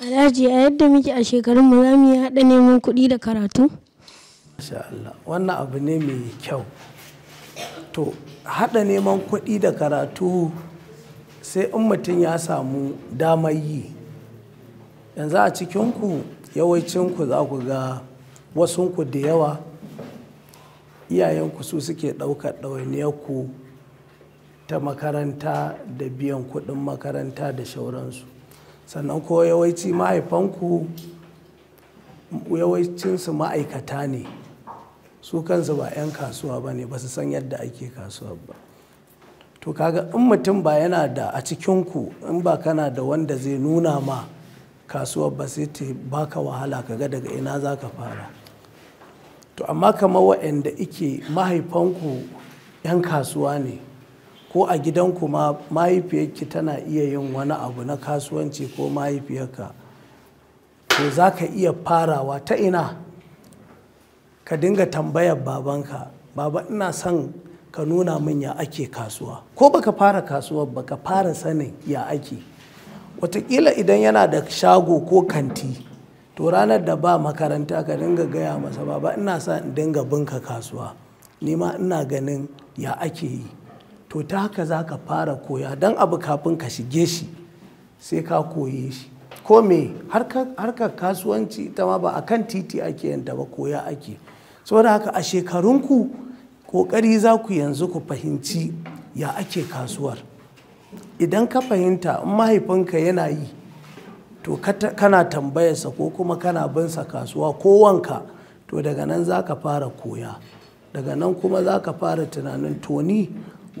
Alhaji a yadda muke a shekarun mu za mu yi haɗa neman kuɗi da karatu? Allah wannan abu ne mai kyau. To, haɗa neman kuɗi da karatu sai in mutum ya samu damar yi. Yanzu a cikinku yawancinku za ku ga wasunku da yawa iyayenku su suke ɗaukar ɗawainiyarku ta makaranta da biyan kuɗin makaranta da shauransu. sannan ko yawanci mahaifanku yawancinsu ma'aikata ne su kansu ba 'yan kasuwa ba ne ba su san yadda ake kasuwa ba to kaga in mutum ba yana da a cikinku in ba kana da wanda zai nuna ma kasuwar ba sai ta baka wahala kaga daga ina za ka fara to amma kamar waɗanda ike mahaifanku 'yan kasuwa ne ko a gidanku ma mahaifiyarki tana iya yin wani abu na kasuwanci ko mahaifiyarka to za ka iya farawa ta ina ka dinga tambayar babanka baba ina son ka nuna min ya ake kasuwa ko baka fara kasuwar baka fara sanin ya ake watakila idan yana da shago ko kanti to ranar da ba makaranta ka dinga gaya masa baba ina son in dinga binka kasuwa nima ina ganin ya ake yi to ta haka za ka fara koya don abu kafin ka shige shi sai ka koye shi ko me harkar kasuwanci Ta ma ba a kan titi ake yanta ba koya ake saboda haka a shekarunku kokari za ku yanzu ku fahimci ya ake kasuwar idan ka fahimta in mahaifinka yana yi to kana tambayarsa ko kuma kana binsa kasuwa ko wanka to daga nan za ka fara koya daga nan kuma za ka fara tunanin toni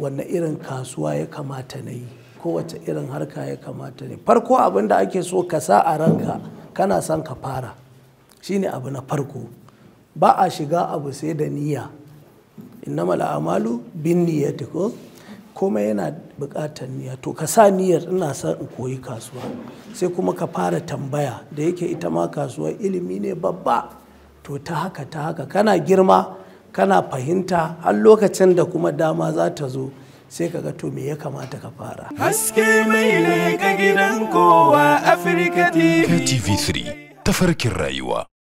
wanne irin kasuwa ya kamata na yi kowace irin harka ya kamata ne farko abin da ake so ka sa a ranka kana son ka fara shine abu na farko ba a shiga abu sai da niyya innama la'amalu bin niyyati ko kuma yana buƙatar niyya to ka sa niyyar ina son in koyi kasuwa sai kuma ka fara tambaya da yake ita ma kasuwa ilimi ne babba to ta haka ta haka kana girma kana fahimta har lokacin da kuma dama za ta zo sai ka ga to me ya kamata ka fara haske mai ne ga gidan kowa afirka tv3 tafarkin rayuwa